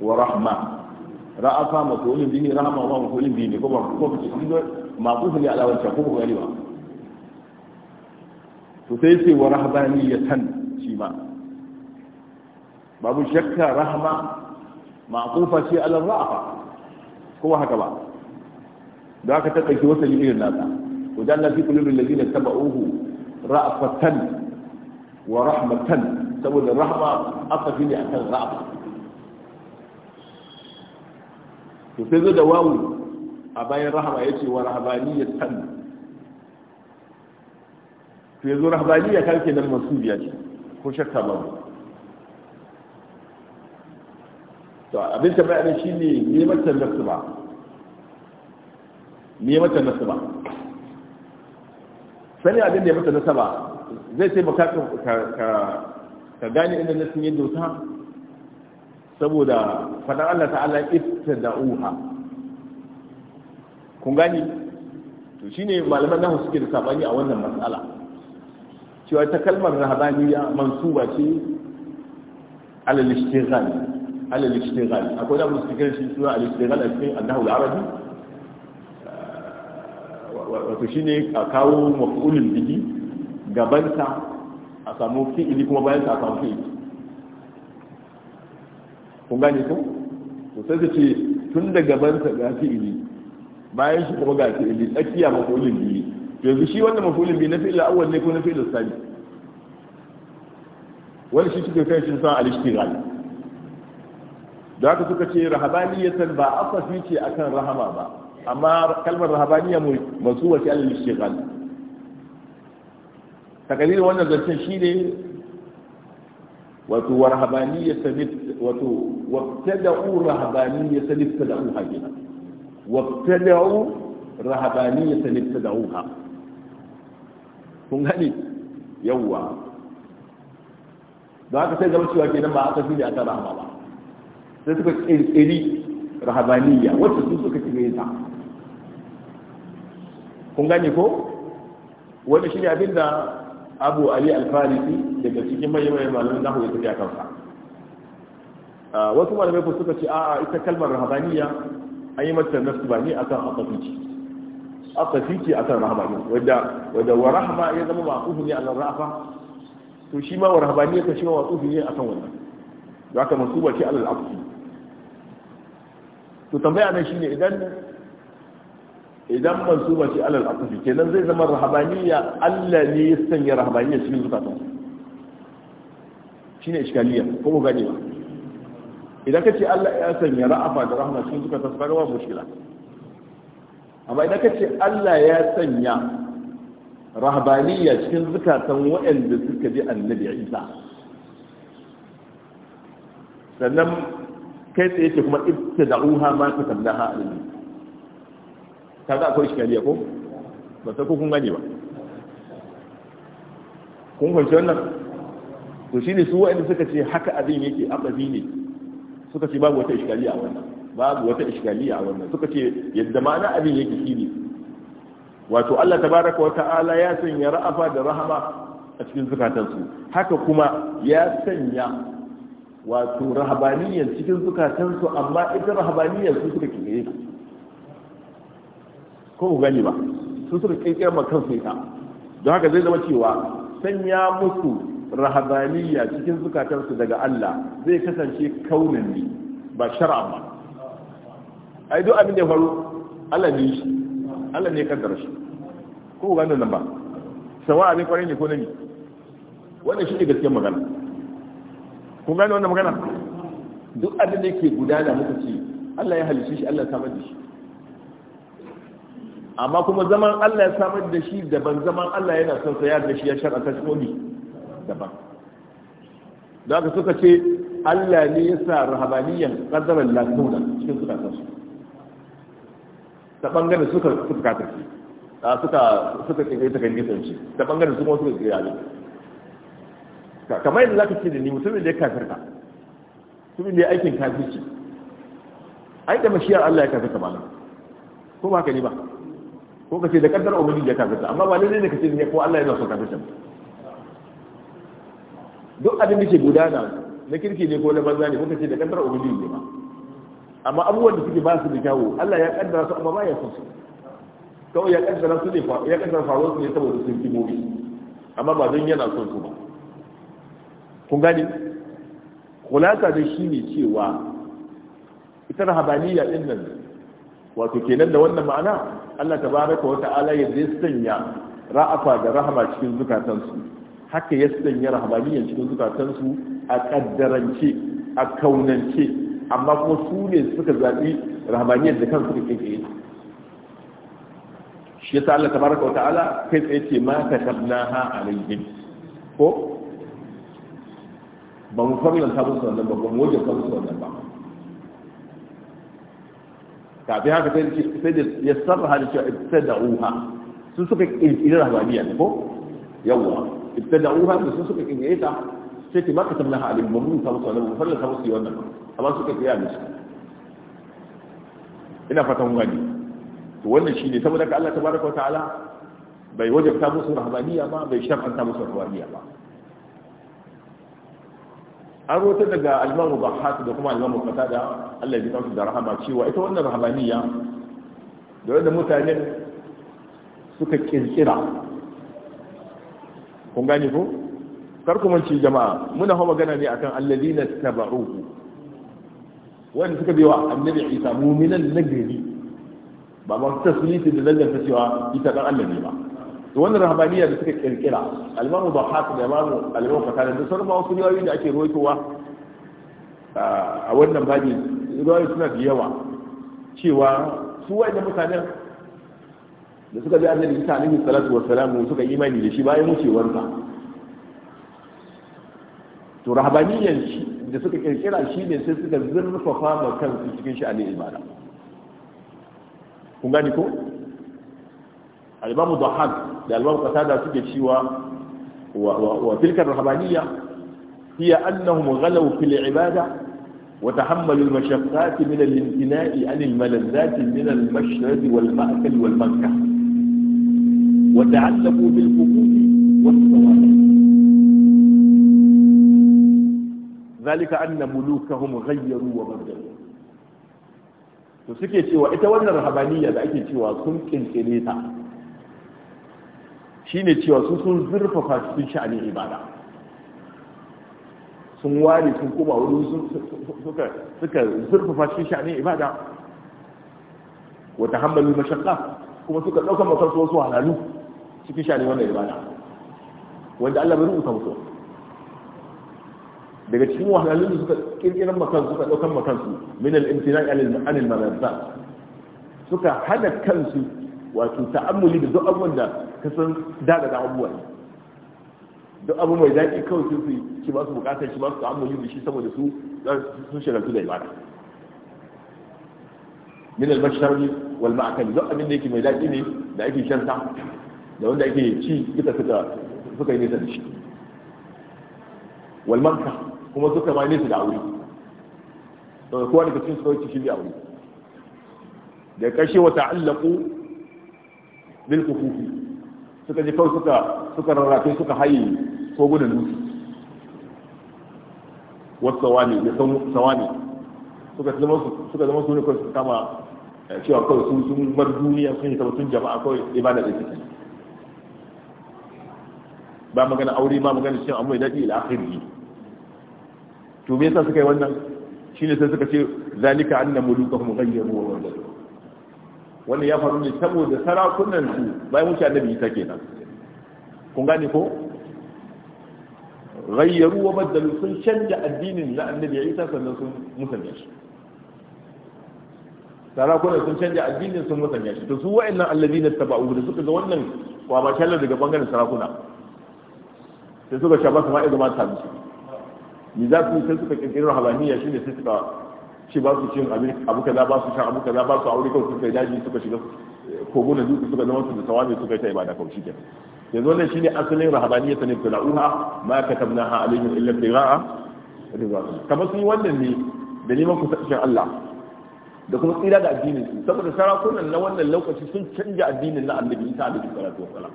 wa rahma ra'afa mafulun bihi rahma wa mafulun bihi ko ba ko ku ci ma'quf ne ala wancan ko ku gani ba to sai sai wa rahbaniyatan shi ma babu shakka rahma ma'qufa shi ala ra'afa ko haka ba da aka taƙaice wasa irin nasa وجعلنا في قلوب الذين اتبعوه رأفة ورحمة سووا الرحمة أصل فيني أكثر رأفة وفي وفيذو دواوي أباي الرحمة يتي ورحبانية في فيذو رحبانية كانت كده المنصوب يتي خوش أكتبه abin ta bayanin shi ne neman tannasu ba neman tannasu ba sani abin da ya mata nasaba zai sai taimaka ka gane inda nasin ya dosa saboda faɗan Allah ta'ala uha kun gani to shine malaman nahu suke da sabani a wannan matsala cewa ta kalmar rahabaniya mansuba ce alal ishtighal alal ishtighal akwai da musu kiran shi suna al ishtighal a cikin annahu da arabi wato shine a kawo maf'ulin biki gabanta a samu fi'ili kuma bayan ta samu fi'ili kun gane ko to sai ta ce tun da gabanta ga fi'ili bayan shi kuma ga fi'ili tsakiya maf'ulin biki to yanzu shi wannan maf'ulin biki na fi'ili awwal ne ko na fi'ili sani wani shi cikin kai shin sa al-ishtighal da haka suka ce rahabaniyatan ba asafi ce akan rahama ba amma kalmar rahabaniya masu wasu alal ishtighal takalirin wannan zancen shi ne wato wa rahabaniya sabit wato wabtada'u rahabaniya sabit tada'u hajina wabtada'u rahabaniya sabit tada'u ha kun gani yawwa da haka sai zama cewa kenan ba aka fi da aka rahama ba sai suka tsiri rahabaniya wacce su suka cire ta kun gane ko wanda shi ne abin da abu ali alfarisi daga cikin mayyamayin malamin nahu ya tafi a kansa wasu malamai ku suka ce a'a ita kalmar rahabaniya an yi mata nasu ba ne a kan akafici akafici a kan rahabaniya wadda wa rahama ya zama ma'akufu ne a kan rafa to shi ma wa rahabaniya ta shi wa ma'akufu ne a kan wannan da aka masu ba ce alal akufi to tambaya nan shine idan idan ban su ce alal akufi kenan zai zama rahabaniya Allah ne ya sanya rahabaniya cikin zukata shine iskaliya ko mu gane ba idan kace Allah ya sanya ra'afa da rahma cikin zukata kaga ba mushkila amma idan kace Allah ya sanya rahabaniya cikin zukatan waɗanda suka bi annabi Isa sannan kai tsaye ce kuma ibtada'uha ma ta katabnaha alayhi ta za akwai shikaliya ko ba ta kun gane ba kun kwanci wannan to shi ne su wa'anda suka ce haka abin yake abazi ne suka ce babu wata ishkaliya a wannan babu wata ishkaliya a wannan suka ce yadda ma'ana abin yake shi ne wato Allah tabaraka wa ta'ala ya sanya ra'afa da rahama a cikin zukatansu haka kuma ya sanya wato rahabaniyar cikin zukatansu amma ita rahabaniyar su suka yi ko mu gani ba su suka kirkirar ma kansu ita don haka zai zama cewa sanya musu rahabaniya cikin zukatansu daga Allah zai kasance kaunin ne ba shar'a ba ai duk abin da ya faru Allah ne shi Allah ne kaddar shi ko gani nan ba sawa abin kware ne ko ne wannan shi ne gaskiyar magana ko gani wannan magana duk abin da yake gudana muka ce Allah ya halice shi Allah ya samar da shi amma kuma zaman Allah ya samar da shi daban zaman Allah yana son sa ya da shi ya shar'anta shi wani daban da aka suka ce Allah ne ya sa rahabaniyan kadaran lakuna cikin suka su ta bangare suka suka kafirci suka suka kai ta kange sanci ta bangare su kuma suka kinkai kamar yadda zaka ce da ni mutumin da ya kafirta mutumin da ya aikin kafirci ai da mashiyar Allah ya kafirta ba ko ba haka ne ba ko ka ce da kaddar ubangiji ya kafirta amma ba lalle ne ka ce ne ko Allah yana son kafirta duk abin da ke gudana na kirki ne ko na banza ne ko ka ce da kaddar ubangiji ne ba amma abubuwan da suke ba su da kyawu Allah ya kaddara su amma ba ya son su kawai ya kaddara su ne ya kaddara faruwar su ne saboda sun fi mobi amma ba don yana son su ba kun gani Kulaka da shi ne cewa ita rahabaniya din nan wato kenan da wannan ma'ana Allah baraka wa ta'ala ya zai sanya ra'afa da rahama cikin zukatansu haka ya sanya rahamaniyan cikin zukatansu a kaddarance a kaunance amma kuma su ne suka zaɓi rahamaniyan da kansu suka yi shi ya yasa Allah baraka wa ta'ala kai tsaye ce ma ka ha a alaihim ko ba mu farlanta musu wannan ba ba mu wajen musu wannan ba kafin haka sai da ya sarraha da cewa ibtada'uha sun suka kirkiri rahabaniya ko yawwa ibtada'uha da sun suka kirkiri ta sai ta maka tamna ha alim mamun ta musu alamu falla ta musu wannan amma suka da su. ina fatan gani to wannan shine saboda ka Allah ta tabaraka wa ta'ala bai wajabta musu rahabaniya ba bai shar'anta musu rahabaniya ba an rota daga almaru ba hatu da kuma almaru fata da allah ya kansu da rahama cewa ita wannan rahamaniya da wanda mutane suka kirkira kun gani ko karkumanci jama'a muna hau magana ne akan na tabaru wanda suka biwa annabi isa muminan nagari ba ma tasmiti da danganta cewa ita kan allah ne ba to wannan rahmaniya da suka kirkira almamu ba haka da imamu almamu fatana da sauran wasu riwayoyi da ake roitowa a wannan babi riwayoyi suna da yawa cewa su wa'annan mutanen da suka bi annabi isa alaihi salatu wassalam suka imani da shi bayan wucewarsa to rahmaniyan shi da suka kirkira shi ne sai suka zurfafa ma kansu cikin sha'anin ibada kun gani ko الباب ضحاك ده الباب قتادة سجشيوة وتلك الرهبانية هي أنهم غلوا في العبادة وتحملوا المشقات من الامتناء عن الملذات من المشرد والمأكل والمكة وتعلقوا بالقبول والصوات ذلك أن ملوكهم غيروا وبدلوا تسكي سوى إتوانا الرهبانية بأيكي سوى سمك الكريتة shine cewa su sun zurfafa cikin sha'anin ibada sun ware sun koma wurin suka zurfafa cikin sha'anin ibada wata hambalu mashakka kuma suka ɗauka makar wasu halalu cikin sha'anin wannan ibada wanda Allah bai rubuta musu daga cikin wahalhalun da suka kirkiran makan suka ɗaukan makan su min al-imtina anil manazza suka hada kansu wato ta'ammuli da duk abubuwan da ka san dada da abubuwa ne duk abu mai zaki kawai sun su shi ba su bukatar shi ba su amuli da shi saboda su sun shagaltu da ibada min al-mashari wal ma'akali duk abin da yake mai zaki ne da ake shan sa da wanda ake ci duka suka suka yi nesa da shi wal manka kuma suka ma nesa da aure to kowa daga cikin sauki shi ne aure da kashe wa ta'allaqu bil kufufi suka ji kawai suka suka rarrafe suka haye ko gudun nufi wasu sawani da sun sawani suka zama suka zama su ne kawai suka kama eh, cewa kawai sun sun bar duniya sun yi sun jama'a kawai ibada da suke ba magana aure ba magana cewa amma daɗi ila akhiri to me yasa suka yi wannan shine sai suka ce zalika annamu mulukahum ghayyaru wa wadalu wanda ya faru ne saboda sarakunan su bayan wuce annabi isa kenan kun gane ko ghayyaru wa baddalu sun canja addinin na annabi isa sannan sun musanya shi sarakunan sun canja addinin sun musanya shi to su wa'annan allazina taba'u da suka ga wannan kwa ba daga bangaren sarakuna sai suka shaba su ma ya zama tabi ni za su sai suka kirkirar halaniya shine sai suka ce ba su cin abu kaza ba su shan abu kaza ba su aure kawai suka daji suka shiga na dutse suka zama su da tawabi suka yi ta ibada kawai shikenan yanzu wannan shine asalin rahabaniyya ta da la'uha ma a alaihim illa ibtigha'a ra'a. kamar sun yi wannan ne da neman kusancin Allah da kuma tsira da addinin su saboda sarakunan na wannan lokaci sun canja addinin na annabi isa alaihi salatu wassalam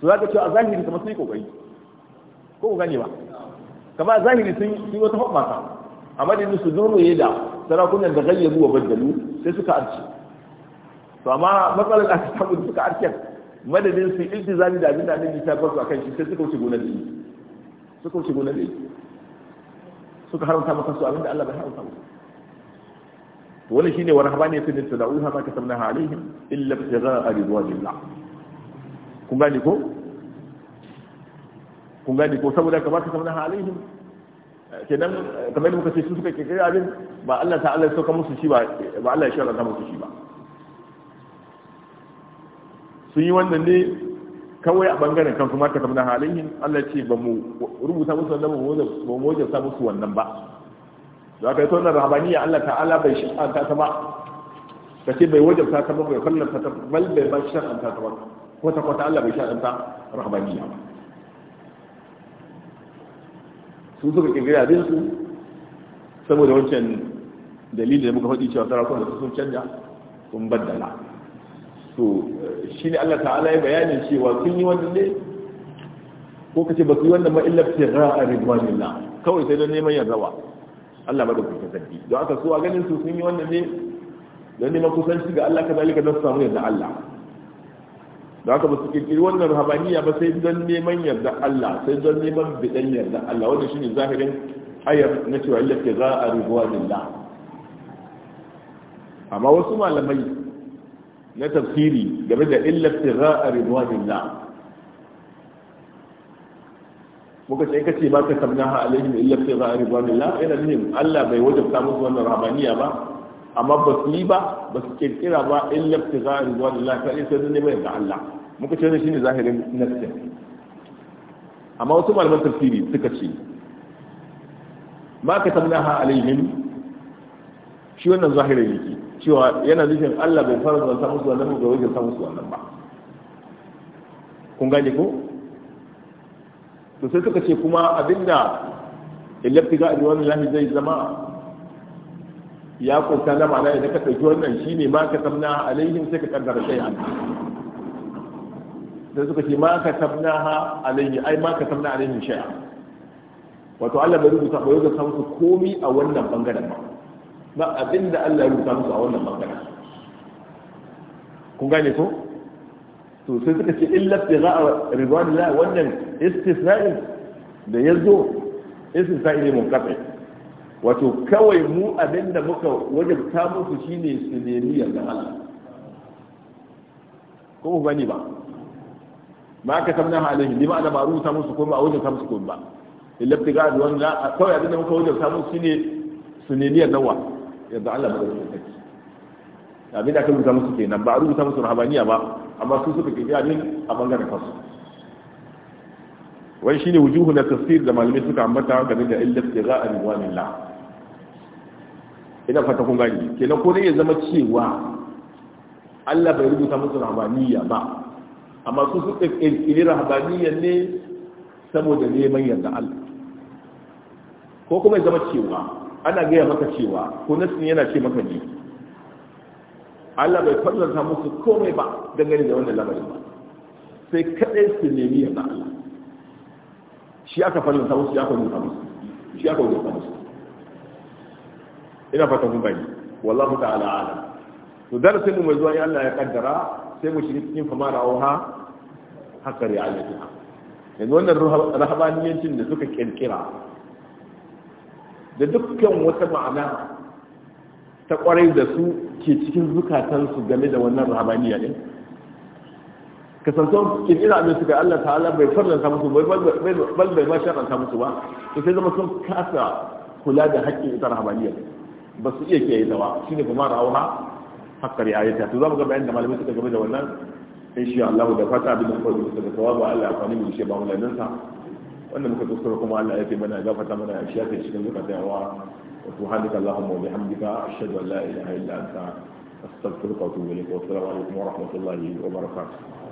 su zaka cewa a zahiri kamar sun yi kokari ko ku gane ba kamar a zahiri sun yi wata hoɓɓasa a madadin su zonoye da sarakunan da gayyaru wa baddalu sai suka arce to amma matsalar aka samu suka arce madadin su iltizami da abin da annabi ta basu akan shi sai suka wuce gonar da suka wuce gonar da suka haramta maka su abin da Allah bai haramta musu to wannan shine warhabani fi tadauha ma katabnaha alaihim illa ibtigha'a ridwanillah kun gani ko kun gani ko saboda kamar katabnaha alaihim kenan kamar da muka ce su suka kirkiri abin ba Allah Allah sauka musu shi ba ba Allah ya wadanda musu shi ba sun yi wannan ne kawai a bangaren kan kuma ta kamar halayin Allah ce ba mu rubuta musu wannan ba mu wajen sa musu wannan ba za ka yi tonar rahabaniya Allah ta Allah bai shi an ta ba ka ce bai wajen ta ba bai kallon ta ba bai ba shi an ta ba kwata kwata Allah bai shi an ta rahabaniya ba sun suka kirkiri abinsu saboda wancan dalilin da muka faɗi cewa sarakuna su sun canja sun baddala So shi ne allah ta'ala ya bayanin cewa sun yi wannan ne ko kace ba su yi wannan ma'illar tira a na kawai sai don neman yardawa allah ba da kuka sarki don aka so a ganin su sun yi wannan ne don neman kusanci ga allah ka zalika don su samu yadda allah da haka ba su kirkiri wannan ruhabaniya ba sai don neman yarda Allah sai don neman bidan yarda Allah wanda shine zahirin ayar na cewa illa ke za a rubuwa lillah amma wasu malamai na tafsiri game da illa ke za a rubuwa lillah muka ce kace ba ka samna ha alaihim illa ke za a rubuwa lillah yana nufin Allah bai wajabta musu wannan ruhabaniya ba amma ba su yi ba ba su kirkira ba in lafti za a rubuwa da lafiya in sai ne mai ga Allah muka ce shi ne zahirin nafsin amma wasu malaman tafsiri suka ce ma ka na ha alaihim shi wannan zahirin yake cewa yana nufin Allah bai fara zuwa samun su wannan ba wajen samun su wannan ba kun gane ko to sai suka ce kuma abinda ilabtiga wani lahi zai zama ya kunta na ma'ana idan ka ɗauki wannan shi ne ma ka samna alaihim sai ka kaddara sai Da suka ce ma ka samna ha alaihi ai ma ka samna alaihim shay'a wato Allah bai rubuta ba yau samu komi a wannan bangaren ba ba abinda Allah ya rubuta musu a wannan bangaren kun gane ko to sai suka ce illa ibtigha ridwanillah wannan istisna'in da yazo istisna'i ne munqati wato kawai mu abin da muka wajabta musu shine su nemi yarda Allah ko ba ni ba ma ka san alaihi halin ni ba rubuta musu ko ba wajabta musu ko ba illa tiga da wanda kawai abin da muka wajabta musu shine su nemi yarda wa yarda Allah ba da abin da aka rubuta musu kenan ba rubuta musu rahabaniya ba amma su suka kike abin a bangaren kansu wai shine wujuhu na tafsir da malamai suka ambata game da illa tiga da wanda ina fata kun gani kenan ko dai ya zama cewa Allah bai rubuta musu rahmaniya ba amma su su ƙirƙiri rahmaniya ne saboda neman yarda Allah ko kuma ya zama cewa ana gaya maka cewa ko nasin yana ce maka ne Allah bai fadlanta musu komai ba dangane da wannan labarin ba sai kaɗai su nemi yarda Allah shi aka fadlanta musu shi aka nuna musu shi aka nuna musu ina fata kun gani wallahu ta'ala alam to darasin mu mai zuwa in Allah ya kaddara sai mu shiga cikin fama famara auha haka re'alatiha yanzu wannan rahabaniyancin da suka kirkira da dukkan wata ma'ana ta kwarai da su ke cikin zukatansu game da wannan rahabaniya ne kasantuwar kirkira abin suka Allah ta'ala bai farlanta musu bal bai ma sharanta musu ba to sai zama sun kasa kula da haƙƙin ita rahabaniya ne ba su iya kiyaye ta ba shine kuma rawaha hakkar ayata to zamu ga bayanin da malamai suka game da wannan insha Allah da fata abin da muka yi suka tawabu Allah amfani mu shi ba mu sa wannan muka kuskura kuma Allah ya fi mana mana ya cikin zakata yawa wa subhanaka allahumma wa bihamdika ashhadu an la ilaha illa anta astaghfiruka wa atubu ilayk wa assalamu alaikum wa rahmatullahi wa barakatuh